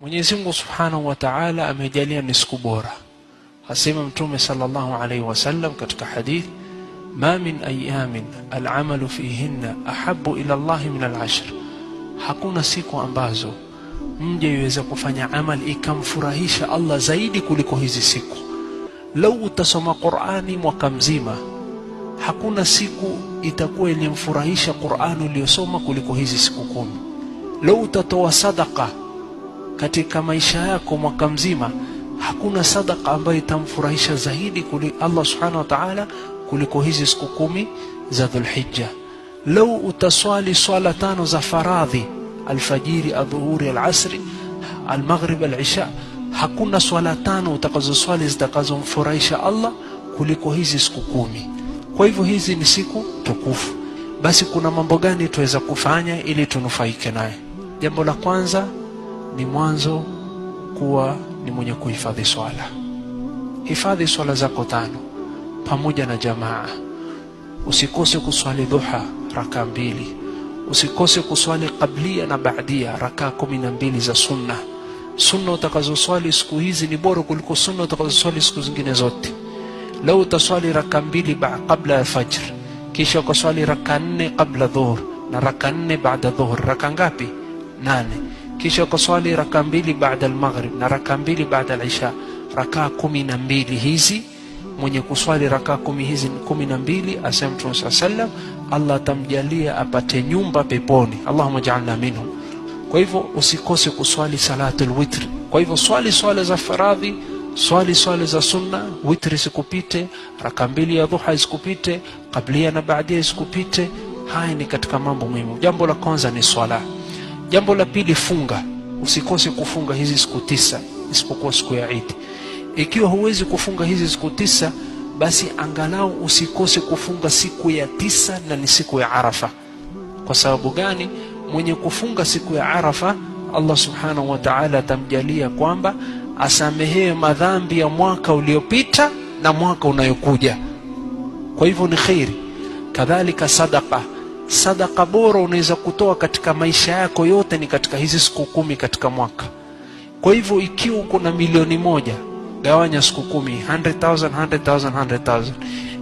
Mwenyezi Mungu Subhanahu wa Ta'ala amejalia ni siku bora. Asema Mtume sallallahu alaihi wasallam katika hadithi, ma min ayamin al'amalu fihinna ahabu ila Allahi min al'ashr, hakuna siku ambazo mja iweza kufanya amali ikamfurahisha Allah zaidi kuliko hizi siku. Lau utasoma Qur'ani mwaka mzima, hakuna siku itakuwa ilimfurahisha Qur'ani uliyosoma kuliko hizi siku kumi. Lau utatoa sadaka katika maisha yako mwaka mzima, hakuna sadaka ambayo itamfurahisha zaidi kuli Allah subhanahu wa ta'ala kuliko hizi siku kumi za Dhulhijja. Lau utaswali swala tano za faradhi, alfajiri, adhuhuri, alasri, almaghrib, alisha, hakuna swala tano utakazoswali zitakazomfurahisha Allah kuliko hizi siku kumi. Kwa hivyo hizi ni siku tukufu. Basi kuna mambo gani tuweza kufanya ili tunufaike naye? Jambo la kwanza ni mwanzo kuwa ni mwenye kuhifadhi swala. Hifadhi swala zako tano pamoja na jamaa. Usikose kuswali dhuha rakaa mbili, usikose kuswali kablia na baadia rakaa kumi na mbili za sunna. Sunna utakazoswali siku hizi ni bora kuliko sunna utakazoswali siku zingine zote. Lau utaswali raka mbili kabla ya fajr, kisha ukaswali raka nne kabla dhuhur na raka nne baada dhuhur, raka ngapi? Nane kisha ukaswali raka mbili baada almaghrib na raka mbili baada alisha, rakaa kumi na mbili hizi. Mwenye kuswali rakaa kumi hizi kumi na mbili, asema Mtume saa sallam, Allah atamjalia apate nyumba peponi. Allahumma jaalna minhum. Kwa hivyo usikose kuswali salatul witri. Kwa hivyo swali swala za faradhi, swali swali za sunna. Witri sikupite, raka mbili ya dhuha isikupite, kablia na baadia isikupite. Haya ni katika mambo muhimu. Jambo la kwanza ni swala Jambo la pili, funga. Usikose kufunga hizi siku tisa isipokuwa siku ya Idi. Ikiwa huwezi kufunga hizi siku tisa, basi angalau usikose kufunga siku ya tisa, na ni siku ya Arafa. Kwa sababu gani? Mwenye kufunga siku ya Arafa, Allah subhanahu wa ta'ala atamjalia kwamba asamehewe madhambi ya mwaka uliopita na mwaka unayokuja. Kwa hivyo ni kheri. Kadhalika sadaka sadaka bora unaweza kutoa katika maisha yako yote ni katika hizi siku kumi katika mwaka. Kwa hivyo ikiwa uko na milioni moja, gawanya siku kumi, 100,000 100,000 100,000.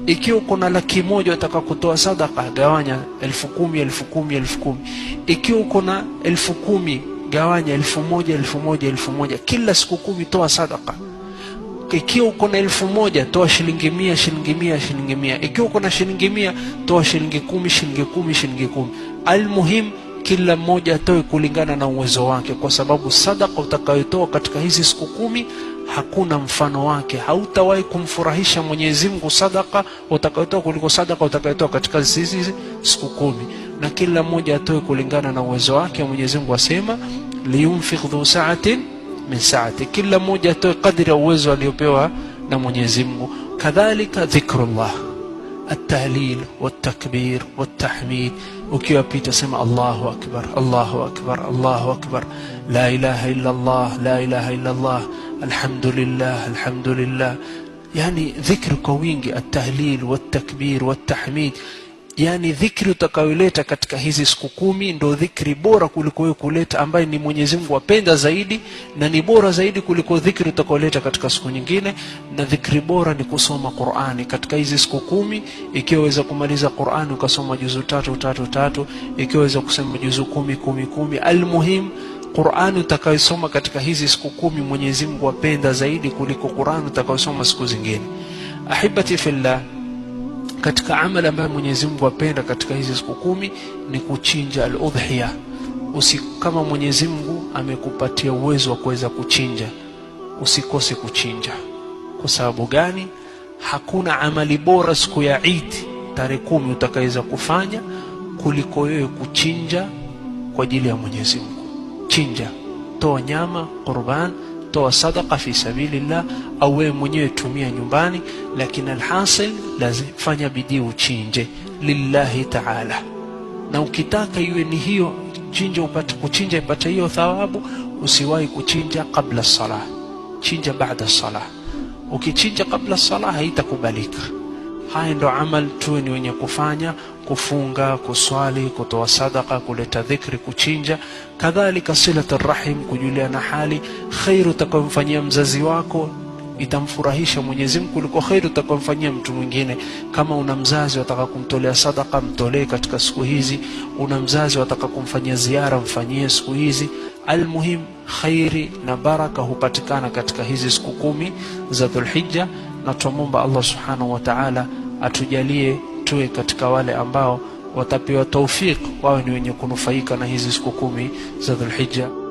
Ikiwa uko na laki moja unataka kutoa sadaka, gawanya elfu kumi elfu kumi elfu kumi. Ikiwa uko na elfu kumi gawanya elfu moja elfu moja elfu moja. Kila siku kumi toa sadaka. Ikiwa uko na elfu moja toa shilingi mia, shilingi mia, shilingi mia. Ikiwa uko na shilingi mia toa shilingi kumi, shilingi kumi, shilingi kumi. Almuhim, kila mmoja atoe kulingana na uwezo wake, kwa sababu sadaka utakayotoa katika hizi siku kumi hakuna mfano wake. Hautawahi kumfurahisha Mwenyezi Mungu sadaka utakayotoa kuliko sadaka utakayotoa katika hizi siku kumi, na kila mmoja atoe kulingana na uwezo wake. Mwenyezi Mungu asema liyunfiq dhu sa'atin من saati kila موجة قدر kadri ya uwezo aliyopewa na mwenyezi mungu kadhalika التهليل والتكبير والتحميد وكيف بيتا الله أكبر الله أكبر الله أكبر لا إله إلا الله لا إله إلا الله الحمد لله الحمد لله يعني ذكر كوينجي التهليل والتكبير والتحميد yaani dhikri utakayoleta katika hizi siku kumi ndo dhikri bora kuliko wewe kuleta ambaye ni Mwenyezi Mungu apenda zaidi na ni bora zaidi kuliko dhikri utakayoleta katika siku nyingine. Na dhikri bora ni kusoma Qur'ani katika hizi siku kumi. Ikiwaweza kumaliza Qur'ani ukasoma juzu tatu tatu tatu, ikiwaweza kusema juzu kumi kumi kumi, almuhim Qur'ani utakayosoma katika hizi siku kumi Mwenyezi Mungu apenda zaidi kuliko Qur'ani utakayosoma siku zingine. Ahibati fillah katika amali ambayo Mwenyezi Mungu apenda katika hizi siku kumi ni kuchinja al-udhiya. kama Mwenyezi Mungu amekupatia uwezo wa kuweza kuchinja, usikose kuchinja. Kwa sababu gani? Hakuna amali bora siku ya Eid tarehe kumi utakaweza kufanya kuliko wewe kuchinja kwa ajili ya Mwenyezi Mungu. Chinja, toa nyama, qurban kutoa sadaka fi sabilillah, au wewe mwenyewe tumia nyumbani, lakini alhasil lazima fanya bidii uchinje lillahi taala. Na ukitaka iwe ni hiyo chinja, upate kuchinja ipate hiyo thawabu, usiwahi kuchinja kabla salah, chinja baada salah. Ukichinja kabla salah haitakubalika. Haya ndo amal tu ni wenye kufanya: kufunga, kuswali, kutoa sadaka, kuleta dhikri, kuchinja, kadhalika silat rahim, kujulia na hali. khairu utakayomfanyia mzazi wako itamfurahisha Mwenyezi Mungu kuliko kheri utakayomfanyia mtu mwingine. Kama una mzazi wataka kumtolea sadaka, mtolee katika siku hizi. Una mzazi wataka kumfanyia ziara, mfanyie siku hizi. Almuhim, khairi na baraka hupatikana katika hizi siku kumi za Dhulhijja na tumomba Allah subhanahu wa ta'ala atujalie tuwe katika wale ambao watapewa taufik wawe ni wenye kunufaika na hizi siku kumi za Dhulhijja.